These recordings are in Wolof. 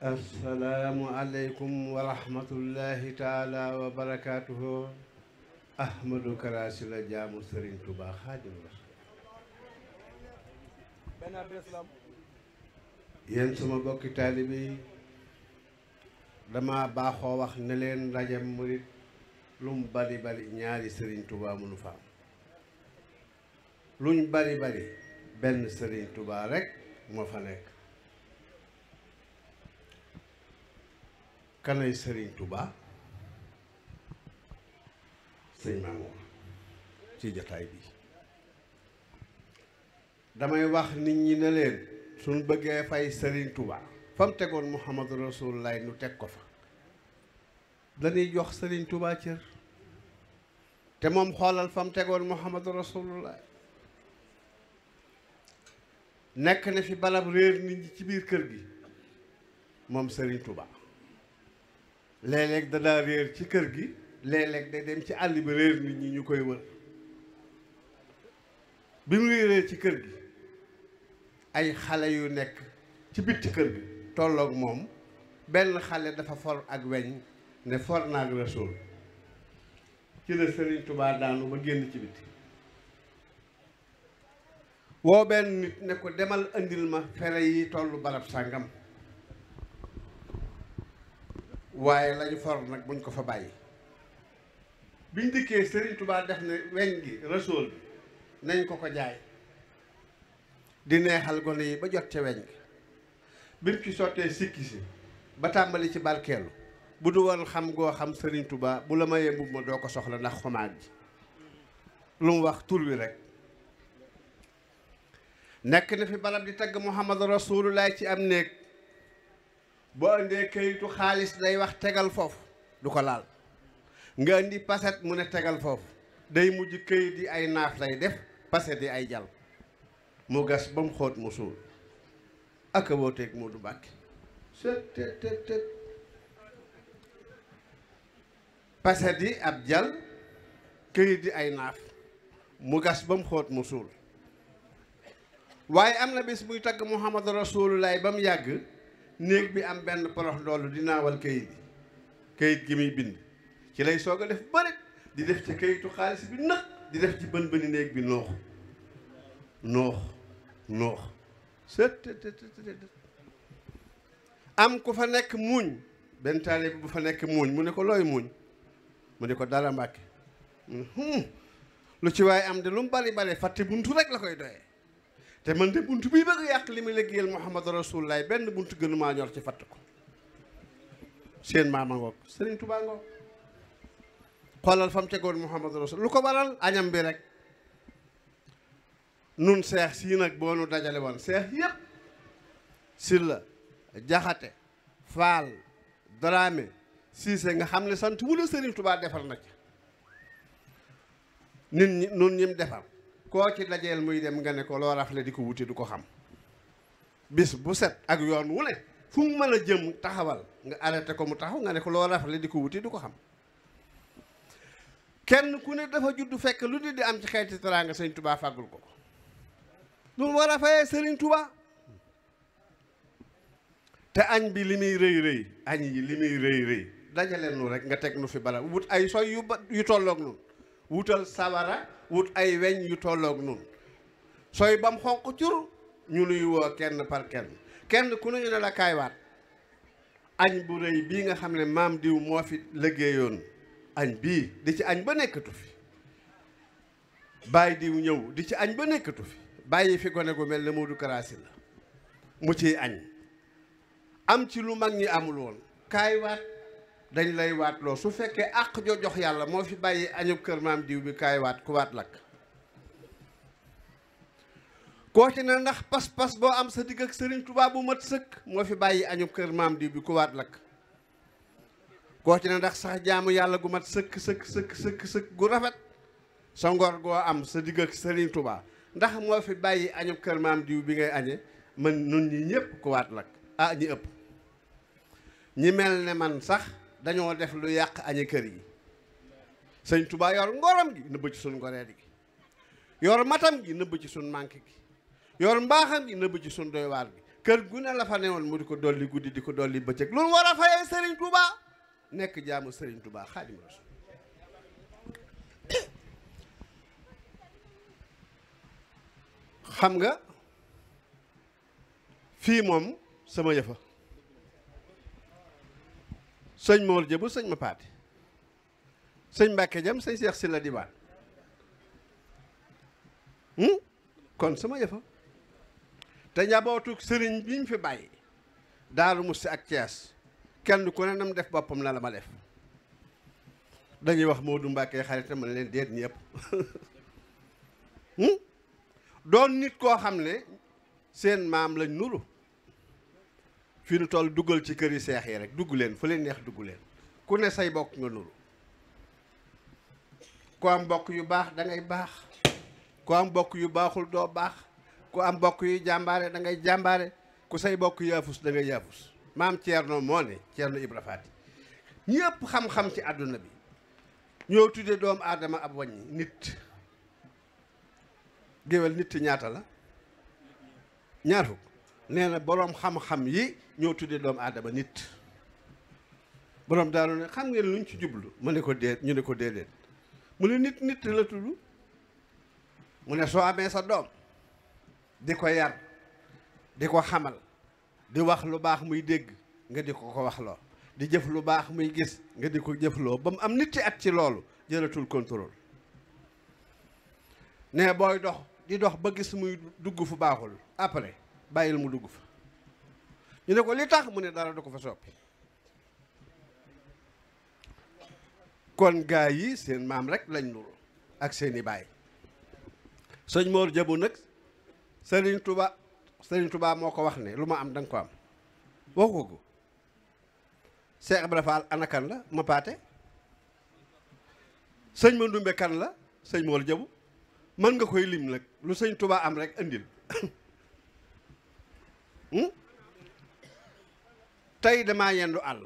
assalaamu aleykum wa rahmatullahi taala wa barakaatuhu ahmadou karasi la jaamu sëriñ tuba xaadim rasul yéen suma bokki taalibe yi dama baaxoo wax ne leen ndajem murit lu mu bari bari ñaari sëriñ tuba munu fa am luñ bari bari benn sëriñ tubaa rekk moo fa nekk kanay sëriñ Touba sëñ Mamour ci jataay bii damay wax nit ñi ne leen suñ bëggee fay sëriñ tubaa fa mu tegoon Muhammadu Rasulullaay nu teg ko fa dañuy jox sëriñ Touba cër te moom xoolal fa mu tegoon Muhammadu Rasulullaay nekk na fi balab réer nit ñi ci biir kër gi moom sëriñ Touba léeg-léeg danaa réer ci kër gi léeg-léeg day dem ci àll bi réer nit ñi ñu koy wër bi mu réeree ci kër gi ay xale yu nekk ci bitti kër gi tollook moom benn xale dafa for ak weñ ne for naa ak Rasuul ci la Sëriñ Tuubaa daanu ba génn ci bitti woo benn nit ne ko demal andil ma fere yi tollu barab sàngam waaye lañu for nag buñ ko fa bàyyi biñ dikkee Serigne tubaa def ne weñ gi rasool bi nañ ko ko jaay di neexal gone yi ba jot ca weñ gi biñ ci sottee sikki si ba tàmbali ci barkeelu bu du woon xam goo xam sëriñ tubaa bu la ma mbubb ma doo ko soxla ndax xomaat ji lu mu wax tur wi rek nekk na fi barab di tagg Muhammad Rasulullah ci am néeg boo indee kayitu xaalis day wax tegal foofu du ko laal nga indi paset mu ne tegal foofu day mujj kayit yi ay naaf lay def paset yi ay jal mu gas ba mu xóot mu suul ak a wooteeg Moodu Mbàkke sët tët yi jal kayit ay naaf mu gas ba mu xóot mu suul waaye am na bis muy tagg Muhammadu Rasulullaay ba mu yàgg néeg bi am benn porox loolu di naawal kayit bi kayit gi muy bind ci lay soog a def bëri di def ci kayitu xaalis bi nag di def ci bën bëni néeg bi noox noox nuux sët am ku fa nekk muuñ benn taalibe bu fa nekk muuñ mu ne ko looy muuñ mu ne ko dala mbàkke hmm. lu ci waaye am de lu mu bari bari fàtte buntu rek la koy doyee te man de bunt bii bëgg yàq li muy liggéeyal Muhammad Rasulullah benn bunt gënumaa ñor ci fatt ko seen maama ngoog Sëriñ Tuubaa ngoog xoolal fam tegoon Muhammad Rasul lu ko baral añam bi rek nun seex sii nag boo nu dajale woon seex yépp Silla Jaxate Faal Dramé Siise nga xam ne sant wu la Sëriñ Tuubaa defar na ci nit ñi nun ñim defar koo ci dajeel muy dem nga ne ko loo rafle di ko wuti du ko xam bis bu set ak yoon wu ne fu mu mën a jëm taxawal nga arrêté ko mu taxaw nga ne ko loo rafle di ko wuti du ko xam kenn ku ne dafa juddu fekk lu di di am ci xeeti teraanga sëñ tubaa fàggul ko ko lu war a sëriñ Touba te añ bi li muy rëy rëy añ yi li muy rëy rëy dajale nu rek nga teg nu fi bala wut ay soy yu ba yu tollook noonu wutal sawara wut ay weñ yu tollook nun sooy bam xonq cur ñu nuy woo kenn par kenn kenn ku nañu ne la kaay añ bu rëy bii nga xam ne maam diw moo fi liggéeyoon añ bii di ci añ ba nekkatu fi bàyyi diw ñëw di ci añ ba nekkatu fi bàyyi fi gone gu mel ne Modou Kara Sylla la mu ciy añ am ci lu mag ñi amul woon kaay dañ lay waatloo su fekkee àq joo jox yàlla moo fi bàyyi añub kër maam diw bi waat ku waat lakk koo ci ne ndax pas-pas boo am sa digg sëriñ Tuubaa bu mat sëkk moo fi bàyyi añub kër maam bi ku lakk koo ndax sax jaamu yàlla gu mat sëkk sëkk sëkk sëkk sëkk gu rafet sa ngor goo am sa digg ak sëriñ Tuubaa ndax moo fi bàyyi añub kër maam diw bi ngay añe man nun ñi ñëpp ku waat lakk ah ñi ëpp ñi mel ne man sax dañoo def lu yàq añi kër yi sëñ Touba yor ngoram gi nëbb ci suñ ngoreet gi yor matam gi nëbb ci suñ manqué gi yor mbaaxam gi nëbb ci suñ doy gi kër gu ne la fa newoon mu di ko dolli guddi di ko dolli bëccëg loolu war a fayee Serigne Touba nekk jaamu sëriñ Serigne Touba Xaadim Rasul xam nga fii moom sama yëfa sëñ Mor Jëbu sëñ ma paate sëñ Mbàkke jam sëñ Seex Silla Dibaan hmm? kon sama yëfa te njabootu sëriñ bi fi bàyyi Daaru Musti ak Cees kenn ko ne nam def boppam na la ma def dañuy wax Moodu Mbàkke xaritam man leen déet ñëpp hmm? doon nit koo xam ne seen maam lañ nuru fii nu toll duggal ci kër yi seex yi rek dugg leen fu leen neex dugg leen ku ne say bokk nga nuru ku am bokk yu baax da ngay baax ku am bokk yu baaxul doo baax ku am bokk yu jàmbaare da ngay jàmbaare ku say bokk yaafus da ngay yaafus maam Thierno moo ne Thierno Ibra yi ñëpp xam-xam ci àdduna bi ñoo tuddee doomu aadama ab wàññi nit géwél nit ñaata la ñaar fukk nee na boroom xam-xam yi ñoo tuddee doomu aadama nit boroom daanu ne xam ngeen luñ ci jublu mu ne ko déet ñu ne ko déedéet mu ne nit nit la tudd mu ne soo amee sa doom di ko yar di ko xamal di wax lu baax muy dégg nga di ko ko wax loo di jëf lu baax muy gis nga di ko jëfloo ba mu am nit at ci loolu jëlatul contrôle ne booy dox di dox ba gis muy dugg fu baaxul après bàyyil mu dugg fa ñu ne ko li tax mu ne dara du ko fa soppi kon gaa yi seen maam rek lañ nuru ak seeni baay sëñ Mor Jabu nag Sëriñ Tuba Sëriñ Tuba moo ko wax ne lu ma am da nga ko am waxu ko ko Seex Ibra Faal anakan la ma paate sëñ ma ndumbe kan la sëñ Mor Jabu mën nga koy lim nag lu sëñ Tuba am rek andil Hmm? tey damaa yendu àll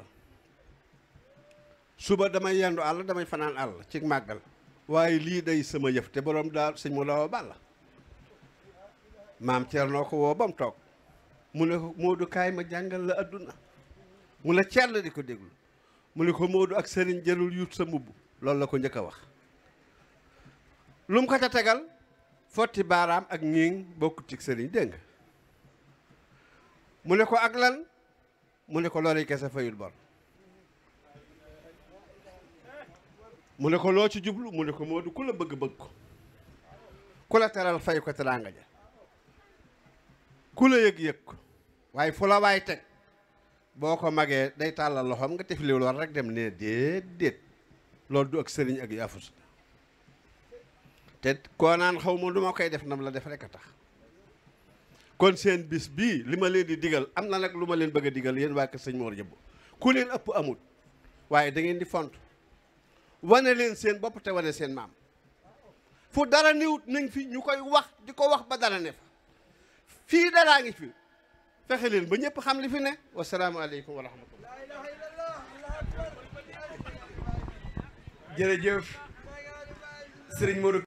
suba damay yendu àll damay fanaan àll ci màggal waaye lii day sama yëf te boroom daal sëñ mu lawa bàll maam Ceerno ko woo ba mu toog mu ne ko Moodu ma jàngal la adduna mu ne Ceerno di ko déglu mu ne ko Moodu ak sëriñ jëlul yut sa mbubb loolu la ko njëkk a wax lu mu ko ca tegal footi baaraam ak ñiiñ bokkutik sëriñ dégg mu ne ko ak lan mu ne ko loolu kese fayul bor mu ne ko loo ci jublu mu ne ko moo du ku la bëgg bëgg ko ku la teral fay ko teraanga ja ku la yëg yëg ko waaye fu la waay teg boo ko magee day tàllal loxoom nga tefliwul lool rek dem ne déedéet loolu du ak sëriñ ak yaafus te koo naan xaw ma du ma koy def nam la def rek a tax kon seen bis bii li ma leen di digal am na nag lu ma leen bëgg a digal yéen waa kër sëñ Mor Jëbb ku leen ëpp amut waaye dangeen di font wane leen seen bopp te wane seen maam fu dara niwut nañ fi ñu koy wax di ko wax ba dara ne fa fii daraa ngi fi fexe leen ba ñëpp xam li fi ne wasalaamaaleykum wa rahmatullah jërëjëf sëriñ Modou